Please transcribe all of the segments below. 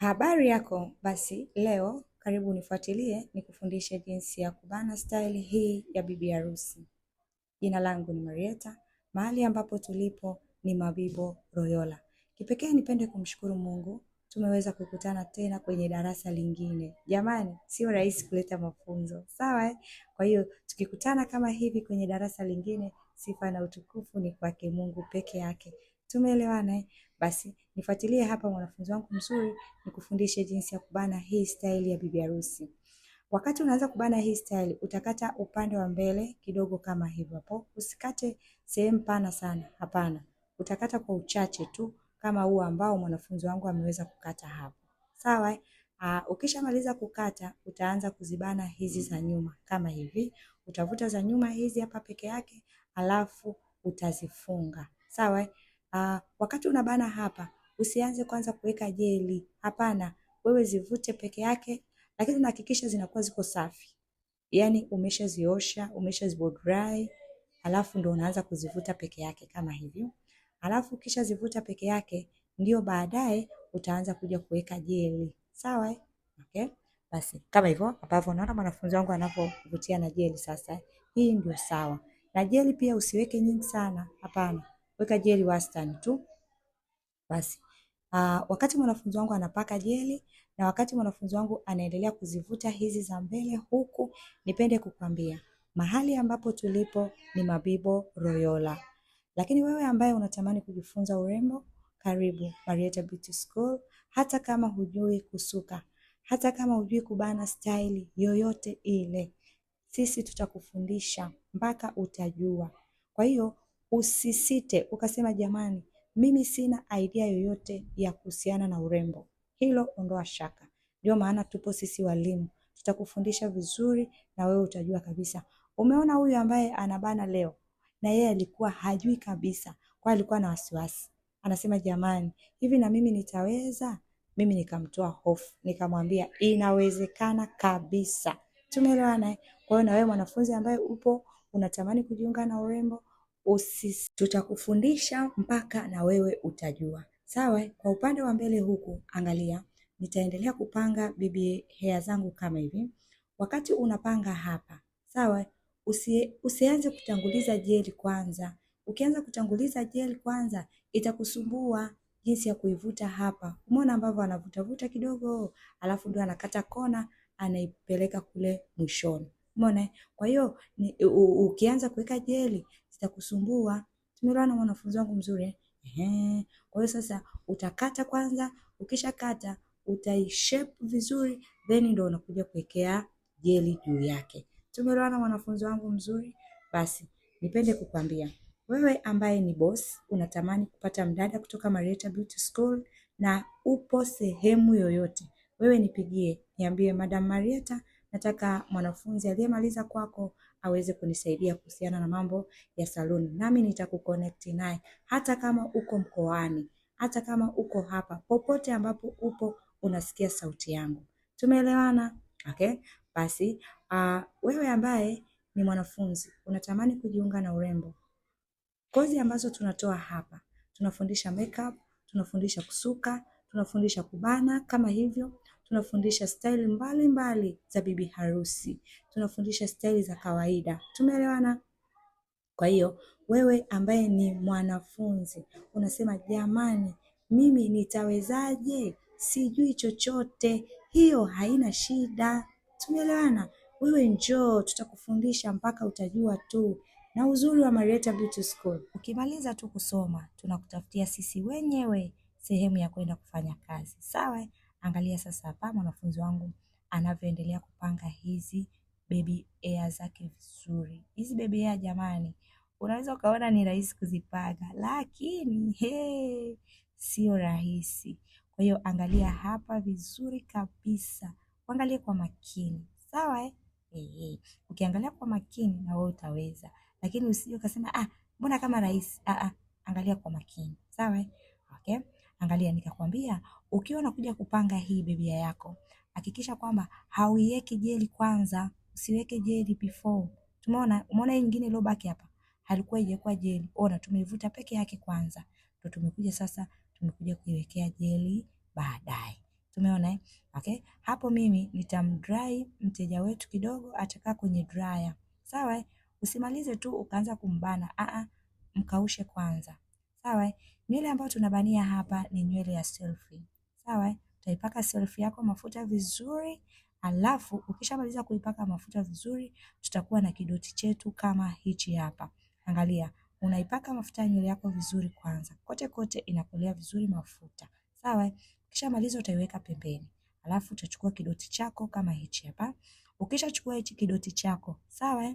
Habari yako basi, leo karibu nifuatilie nikufundishe jinsi ya kubana style hii ya bibi harusi. Jina langu ni Marieta, mahali ambapo tulipo ni Mabibo Royola. Kipekee nipende kumshukuru Mungu tumeweza kukutana tena kwenye darasa lingine. Jamani, sio rahisi kuleta mafunzo, sawa eh? Kwa hiyo tukikutana kama hivi kwenye darasa lingine, sifa na utukufu ni kwake Mungu peke yake. Tumeelewana eh? basi nifuatilie hapa, mwanafunzi wangu mzuri, nikufundishe jinsi ya kubana hii staili ya bibi harusi. Wakati unaanza kubana hii staili, utakata upande wa mbele kidogo kama hivyo hapo. Usikate sehemu pana sana, hapana, utakata kwa uchache tu kama huu ambao mwanafunzi wangu ameweza kukata hapo, sawa. Uh, ukishamaliza kukata utaanza kuzibana hizi za nyuma kama hivi, utavuta za nyuma hizi hapa peke yake, alafu utazifunga sawa. Aa, ah, wakati unabana hapa usianze kwanza kuweka jeli, hapana. Wewe zivute peke yake, lakini unahakikisha zinakuwa ziko safi, yaani umeshaziosha umeshazibo dry, alafu ndo unaanza kuzivuta peke yake kama hivyo, alafu kisha zivuta peke yake, ndio baadaye utaanza kuja kuweka jeli, sawa? Eh? Okay, basi kama hivyo ambavyo unaona mwanafunzi wangu anavyovutia na jeli. Sasa hii ndio sawa, na jeli pia usiweke nyingi sana, hapana weka jeli wastani tu basi. Uh, wakati mwanafunzi wangu anapaka jeli na wakati mwanafunzi wangu anaendelea kuzivuta hizi za mbele huku, nipende kukwambia mahali ambapo tulipo ni Mabibo Royola. Lakini wewe ambaye unatamani kujifunza urembo, karibu Marietha Beauty School. Hata kama hujui kusuka, hata kama hujui kubana staili yoyote ile, sisi tutakufundisha mpaka utajua. Kwa hiyo usisite ukasema jamani, mimi sina idea yoyote ya kuhusiana na urembo. Hilo ondoa shaka. Ndio maana tupo sisi walimu, tutakufundisha vizuri na wewe utajua kabisa. Umeona huyu ambaye anabana leo, na yeye alikuwa hajui kabisa, kwa alikuwa na wasiwasi, anasema jamani, hivi na mimi nitaweza? Mimi nikamtoa hofu, nikamwambia inawezekana kabisa. Tumeelewana. Eh? Kwa hiyo na wewe mwanafunzi ambaye upo unatamani kujiunga na urembo usis, tutakufundisha mpaka na wewe utajua. Sawa, kwa upande wa mbele huku angalia, nitaendelea kupanga bibi hea zangu kama hivi. Wakati unapanga hapa, sawa, usi, usianze kutanguliza jeli kwanza. Ukianza kutanguliza jeli kwanza itakusumbua jinsi ya kuivuta hapa. Umeona ambavyo anavutavuta kidogo, alafu ndio anakata kona anaipeleka kule mwishoni. Umeona? Kwa hiyo ukianza kuweka jeli zitakusumbua. Tumeelewana na mwanafunzi wangu mzuri. Ehe. Kwa hiyo sasa utakata kwanza, ukishakata utaishape vizuri, then ndio unakuja kuwekea jeli juu yake. Tumeelewana mwanafunzi wangu mzuri. Basi nipende kukwambia wewe ambaye ni boss unatamani kupata mdada kutoka Marietha Beauty School na upo sehemu yoyote, wewe nipigie, niambie Madam Marietha, nataka mwanafunzi aliyemaliza kwako aweze kunisaidia kuhusiana na mambo ya saluni, nami nitakukonekti naye, hata kama uko mkoani, hata kama uko hapa, popote ambapo upo unasikia sauti yangu. Tumeelewana? Okay, basi uh, wewe ambaye ni mwanafunzi unatamani kujiunga na urembo, kozi ambazo tunatoa hapa, tunafundisha makeup, tunafundisha kusuka, tunafundisha kubana kama hivyo tunafundisha staili mbalimbali za bibi harusi, tunafundisha staili za kawaida. Tumeelewana? Kwa hiyo wewe ambaye ni mwanafunzi unasema jamani, mimi nitawezaje? Sijui chochote, hiyo haina shida. Tumeelewana? Wewe njoo, tutakufundisha mpaka utajua tu na uzuri wa Marietha Beauty School, ukimaliza tu kusoma tunakutafutia sisi wenyewe sehemu ya kwenda kufanya kazi. Sawa? Angalia sasa hapa mwanafunzi wangu anavyoendelea kupanga hizi baby hair zake vizuri. Hizi baby hair jamani, unaweza ukaona ni rahisi kuzipanga, lakini he, sio rahisi. Kwa hiyo angalia hapa vizuri kabisa, uangalie kwa makini, sawa eh? Hey, hey. Ukiangalia kwa makini na wewe utaweza, lakini usije ukasema ah, mbona kama rahisi. Ah, ah, angalia kwa makini, sawa eh? Okay. Angalia, nikakwambia ukiwa unakuja kupanga hii bebia yako, hakikisha kwamba hauiweki jeli kwanza, usiweke jeli before. Tumeona, umeona hii nyingine iliyobaki hapa halikuwa ijakuwa jeli, ona tumeivuta peke yake kwanza, ndio tumekuja sasa, tumekuja kuiwekea jeli baadaye. Tumeona eh? Okay, hapo mimi nitamdry mteja wetu kidogo, atakaa kwenye dryer, sawa eh? Usimalize tu ukaanza kumbana, a ah, a, ah, mkaushe kwanza sawa. Nywele ambayo tunabania hapa ni nywele ya selfie, sawa. Utaipaka selfie yako mafuta vizuri, alafu ukishamaliza kuipaka mafuta vizuri, tutakuwa na kidoti chetu kama hichi hapa. Angalia, unaipaka mafuta ya nywele yako vizuri kwanza, kote kote inakolea vizuri mafuta, sawa. Ukishamaliza utaiweka pembeni, alafu utachukua kidoti chako kama hichi hapa. Ukishachukua hichi kidoti chako, sawa,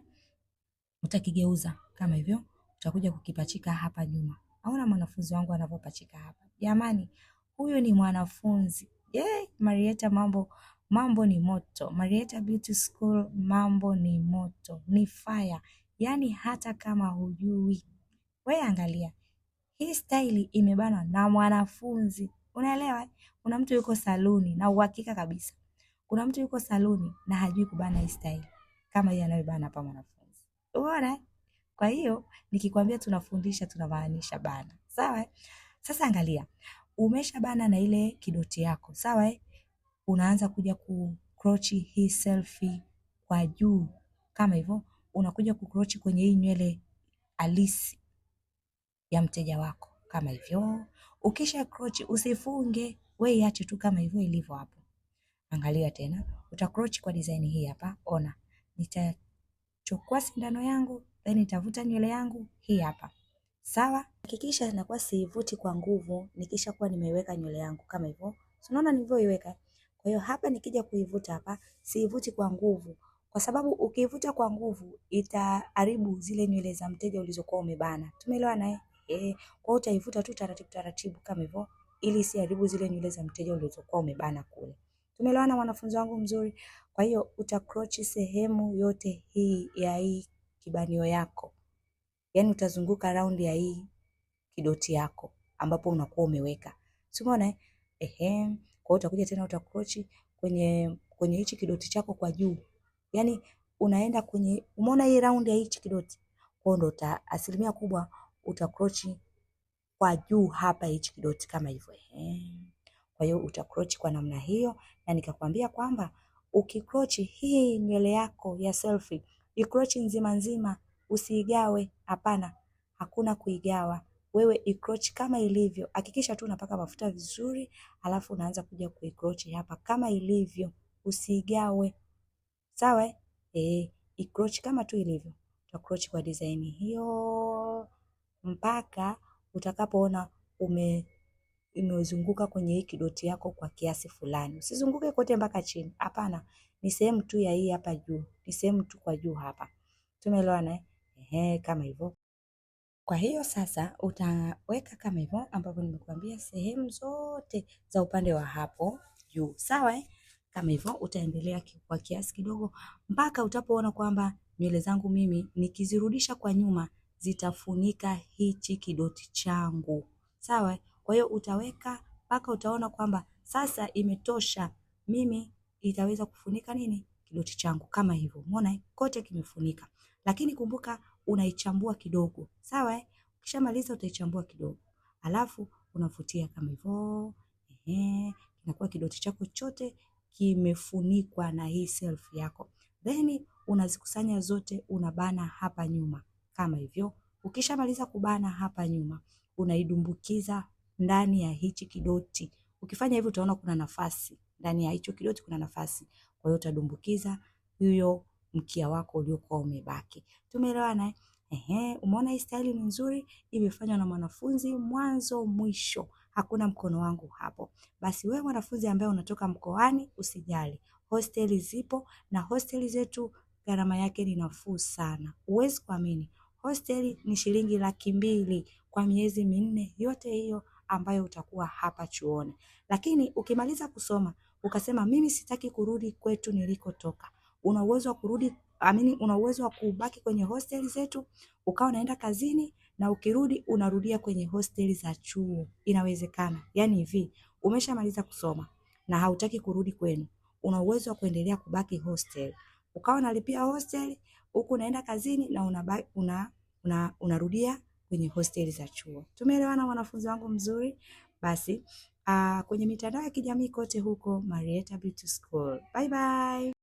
utakigeuza kama hivyo, utakuja kukipachika hapa nyuma Aona mwanafunzi wangu anavyopachika hapa. Jamani, huyu ni mwanafunzi. Yeah, mambo mambo ni moto. marieta Beauty School mambo ni moto. Ni fire. Yaani hata kama hujui. We angalia. Hii staili imebanwa na mwanafunzi. Unaelewa? Kuna mtu yuko saluni na uhakika kabisa. Kuna mtu yuko saluni na hajui kubana hii staili kama yeye anayobana hapa mwanafunzi. Umeona? Kwa hiyo nikikwambia tunafundisha tunamaanisha bana, sawa? Eh? Sasa angalia, umesha bana na ile kidoti yako, sawa? Eh? Unaanza kuja kukrochi hii selfie kwa juu kama hivyo, unakuja kukrochi kwenye hii nywele halisi ya mteja wako kama hivyo. Ukisha krochi usifunge, we iache tu kama hivyo ilivyo hapo. Angalia tena, utakrochi kwa design hii hapa, ona. Nitachukua sindano yangu then nitavuta nywele yangu hii hapa. Sawa? Hakikisha nakuwa siivuti kwa nguvu nikisha kuwa nimeiweka nywele yangu kama hivyo. So Unaona nilivyoiweka? Kwa hiyo hapa nikija kuivuta hapa, siivuti kwa nguvu kwa sababu ukiivuta kwa nguvu itaharibu zile nywele za mteja ulizokuwa umebana. Tumeelewana eh? Eh, kwa hiyo utaivuta tu taratibu taratibu kama hivyo ili isiharibu zile nywele za mteja ulizokuwa umebana kule. Tumeelewana mwanafunzi wangu mzuri? Kwa hiyo utakrochi sehemu yote hii ya hii kibanio yako, yaani utazunguka round ya hii kidoti yako ambapo unakuwa umeweka, si umeona? Eh? Ehe, kwa hiyo utakuja tena utakrochi kwenye kwenye hichi kidoti chako kwa juu, yaani unaenda kwenye, umeona hii round ya hichi kidoti, kwa hiyo ndo asilimia kubwa utakrochi kwa juu hapa hichi kidoti kama hivyo. Ehe, kwa hiyo utakrochi kwa namna hiyo, na nikakwambia kwamba ukikrochi hii nywele yako ya selfie Ikrochi nzima nzima usiigawe, hapana, hakuna kuigawa. Wewe ikrochi kama ilivyo, hakikisha tu unapaka mafuta vizuri, alafu unaanza kuja kuikrochi hapa kama ilivyo, usiigawe. Sawa? Eh, ikrochi kama tu ilivyo. Utakrochi kwa design hiyo mpaka utakapoona ume imezunguka kwenye hii kidoti yako kwa kiasi fulani. Usizunguke kote mpaka chini, hapana. Ni sehemu tu ya hii hapa juu, ni sehemu tu kwa juu hapa. Tumeelewana eh? Kama hivyo. Kwa hiyo sasa utaweka kama hivyo ambavyo nimekuambia, sehemu zote za upande wa hapo juu, sawa eh? Kama hivyo utaendelea kwa kiasi kidogo mpaka utapoona kwamba nywele zangu mimi nikizirudisha kwa nyuma zitafunika hichi kidoti changu, sawa eh? Kwa hiyo utaweka mpaka utaona kwamba sasa imetosha, mimi itaweza kufunika nini kidoti changu kama hivyo. Umeona kote kimefunika, lakini kumbuka unaichambua kidogo, sawa eh? Ukishamaliza utaichambua kidogo, alafu unavutia kama hivyo, ehe, inakuwa kidoti chako chote kimefunikwa na hii self yako, then unazikusanya zote, unabana hapa nyuma kama hivyo. Ukishamaliza kubana hapa nyuma, unaidumbukiza ndani ya hichi kidoti. Ukifanya hivyo utaona kuna nafasi ndani ya hicho kidoti, kuna nafasi. Kwa hiyo utadumbukiza huyo mkia wako uliokuwa umebaki. Tumeelewana eh? Ehe, umeona hii staili ni nzuri, imefanywa na mwanafunzi mwanzo mwisho, hakuna mkono wangu hapo. Basi wewe mwanafunzi ambaye unatoka mkoani, usijali, hosteli zipo na hosteli zetu gharama yake ni nafuu sana, huwezi kuamini. Hosteli ni shilingi laki mbili kwa miezi minne yote hiyo ambayo utakuwa hapa chuoni. Lakini ukimaliza kusoma ukasema mimi sitaki kurudi kwetu nilikotoka, una uwezo wa kurudi amini, una uwezo wa kubaki kwenye hosteli zetu ukawa unaenda kazini na ukirudi unarudia kwenye hosteli za chuo. Inawezekana. Yaani hivi, umeshamaliza kusoma na hautaki kurudi kwenu, una uwezo wa kuendelea kubaki hostel, ukawa unalipia hostel huku unaenda kazini na unarudia una, una kwenye hosteli za chuo. Tumeelewana wanafunzi wangu mzuri? Basi uh, kwenye mitandao ya kijamii kote huko Marieta Beauty School. Bye bye.